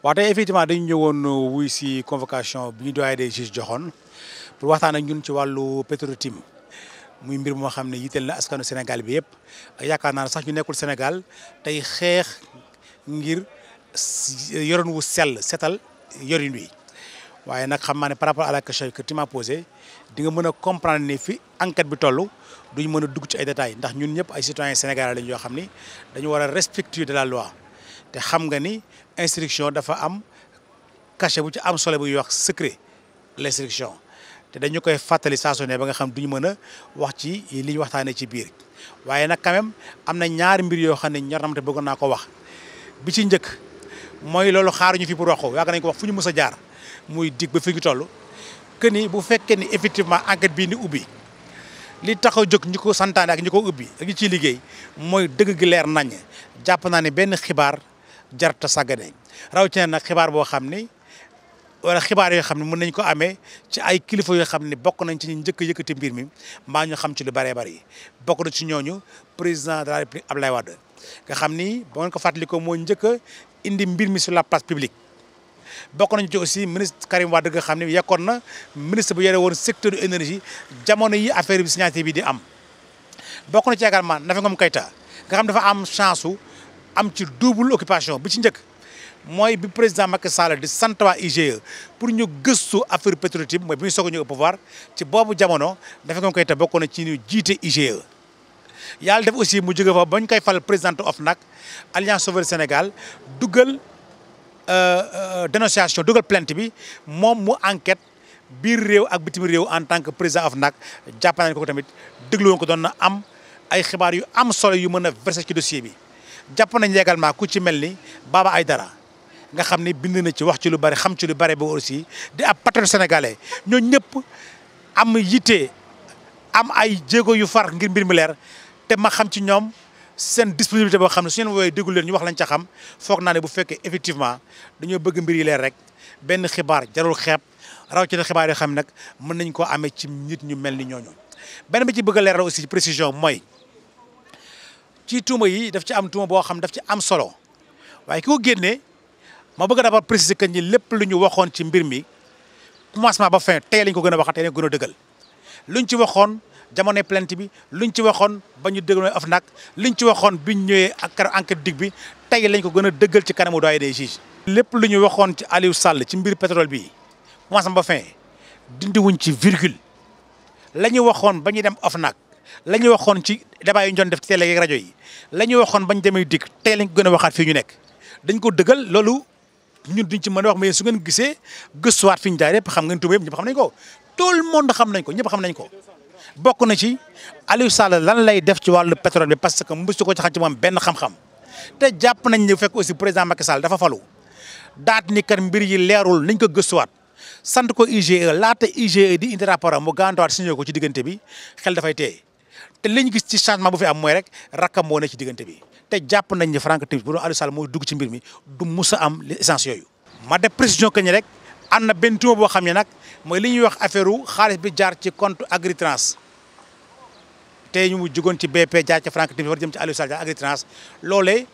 waaw tey effectivement dañu ñëwoon euh, wuy si convocation bi ñu doyen des juges joxoon pour waxtaan ak ñun ci wàllu petro muy mbir moo xam ne yitteel na askanu Sénégal bi yëpp yaakaar naa ne sax ñu nekkul Sénégal tey xeex ngir yorin wu sell setal yorin wi waaye nag xam naa ne par rapport à la question que tu m'as posée mën a comprendre ne fi enquête bi toll duñ mën a dugg ci ay détails ndax ñun ñëpp ay citoyens sénégal lañ yoo xam ni dañu war a respecter de la loi te xam nga ni instruction dafa am cachet bu ci am solo bu wax secret l'instruction té dañ ñukoy fatali sa soné ba nga xam duñu mëna wax ci liñ waxtane ci biir wayé nak quand même am ñaar mbir yo xamné ne ñor na ma te ko wax bi ci njëkk mooy loolu xaaruñu fi pour waxo ko nañ ko wax fuñu mësa jaar muy dig ba fi ñu tollu que ni bu fekké ni effectivement enquête bi ni ubi li taxaw jog santane ak ubi ak ci liggéey moy dëgg gi leer nañ japp na ni ben xibar jarta sàggane rawatina nag xibaar boo xam ni wala xibaar yoo xam ne mën nañ ko amee ci ay kilifa yoo xam ne bokk nañ ci ñu njëkk a yëkkati mbir mi mbaa ñu xam ci lu bëree bëri bokk na ci ñooñu président de la république Abdoulaye Wade nga xam ni ba ngeen ko fàttalikoo mooy njëkk a indi mbir mi sur la place publique bokk nañ ci aussi ministre Karim Wade nga xam ne yekkoon na ministre bu yore woon secteur énergie jamono yi affaire bi signature bi di am bokk na ci également Nafi Ngom Keïta nga xam dafa am chance am ci double occupation bi ci njëkk mooy bi président Macky Sall di sant waa IGE pour ñu gëstu affaire Petro-Tim mooy bi ñu soog a ñëw au ci boobu jamono dafa nga koy te bokkoon na ci ñu jiite IGE. yàlla def aussi mu jóge fa ba ñu koy fal présidente OFNAC Alliance Sauveur Sénégal dugal euh, euh, dénonciation dugal plainte bi moom mu enquête. biir réew ak bitim réew en tant que président OFNAC jàpp ko tamit déglu ko doon na am ay xibaar yu am solo yu mën a verser ci dossier bi jàpp nañ également ku ci mel ni baaba ay dara nga xam ni bind na ci wax ci lu bari xam ci lu bari ba aussi di ab patriote sénégalais ñoo ñëpp am yitte am ay jéego yu far ngir mbir mi leer te ma xam ci ñoom seen disponibilité boo xam ne su ñu woowee déglu leen ñu wax lañ ca xam foog naa ne bu fekkee effectivement dañoo bëgg mbir yi leer rek benn xibaar jarul xeeb rawatina xibaar yoo xam nag mën nañ koo amee ci nit ñu mel ni ñooñu benn bi ci bëgg a leeral aussi précision mooy. ci tuuma yi daf ci am tuuma boo xam daf ci am solo waaye ki ko génnee ma bëgg d'abord préciser que ñi lépp lu ñu waxoon ci mbir mi commencement ba fin tey lañ ko gën a waxaat tey lañ ko gën dëggal luñ ci waxoon jamonoy plainte bi luñ ci waxoon ba ñu déglu OFNAC luñ ci waxoon biñ ñëwee ak enquête dig bi tey lañ ko gën a dëggal ci kanamu doyen des juges. lépp lu ñu waxoon ci Aliou Sall ci mbir pétrole bi commencement ba fin dindi ci virgule la ñu waxoon ba ñu dem OFNAC la ñu waxoon ci débat yi ñu def ci télé rajo yi la ñu waxoon bañ demee dikk tey lañ ko gën a waxaat fi ñu nekk dañ ko dëggal loolu ñun duñ ci mën a wax mais su ngeen gisee gëstuwaat fi ñu daay xam ngeen tuba yëpp xam nañ ko tout le monde xam nañ ko ñëpp xam nañ ko bokk na ci Aliou lan lay def ci wàllu pétrole bi parce que mbustu ko ci xam ci moom benn xam-xam te jàpp nañ ne fekk aussi président Macky Sall dafa falu daat ni kat mbir yi leerul nañ ko gëstuwaat sant ko IGE laata IGE di indi rapport am mu gàntuwaat signé ko ci diggante bi xel dafay téye te li ñu gis ci changement bu fi am mooy rek rakkam moo ne ci diggante bi te jàpp nañ ni Franck Timis bu doon Aliou Sall mooy dugg ci mbir mi du mus a am licence yooyu. ma de précision que ni rek am na benn tuuma boo xam ne nag mooy li ñuy wax affaire wu xaalis bi jaar ci compte Agritrans te ñu mu jugoon ci BP jaar ci Franck Timis war jëm ci Aliou Sall jaar Agritrans loolee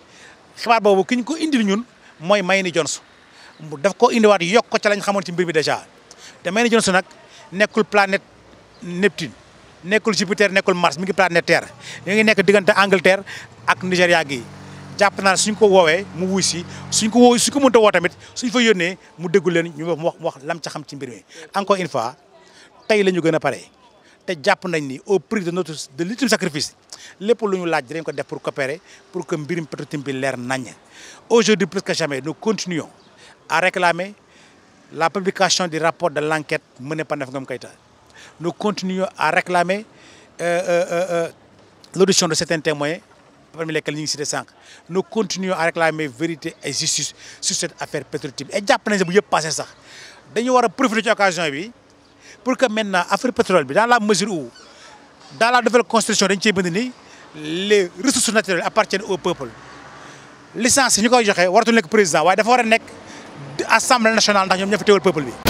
xibaar boobu ki ñu ko indil ñun mooy Mayni Jones daf ko indiwaat yokk ko lañ xamoon ci mbir mi dèjà te Mayni Jones nag nekkul planète Neptune. nekul Jupiter nekul Mars mi ngi planète Terre ñu ngi nek diggante Angleterre ak nigeria gi japp na suñ ko wowe mu wuy si suñ ko woowee su ko mënta woo tamit suñ fa yone mu déggu leen ñu wax wax lam ca xam ci mbir mi encore une fois tay lañu gëna paré té japp nañ ni au prix de notre de l'ultime sacrifice lepp luñu laaj dañ ko def pour coopérer pour que mbirum Petro-Tim bi leer nañ aujourd'hui plus que jamais nous continuons à réclamer la publication du rapport de l'enquête menée par Nafingom Keïta nous continuons à réclamer euh, euh, euh, l'audition de certains témoins, parmi lesquels nous sommes Nous continuons à réclamer vérité et justice sur cette affaire pétrolière. Et japonais, vous passer ça. Nous avons profiter de l'occasion pour que maintenant, l'affaire pétrole, dans la mesure où, dans la nouvelle constitution, les ressources naturelles appartiennent au peuple. licence c'est que koy avons waratu le président nous dafa war a assemblée nationale ndax peuple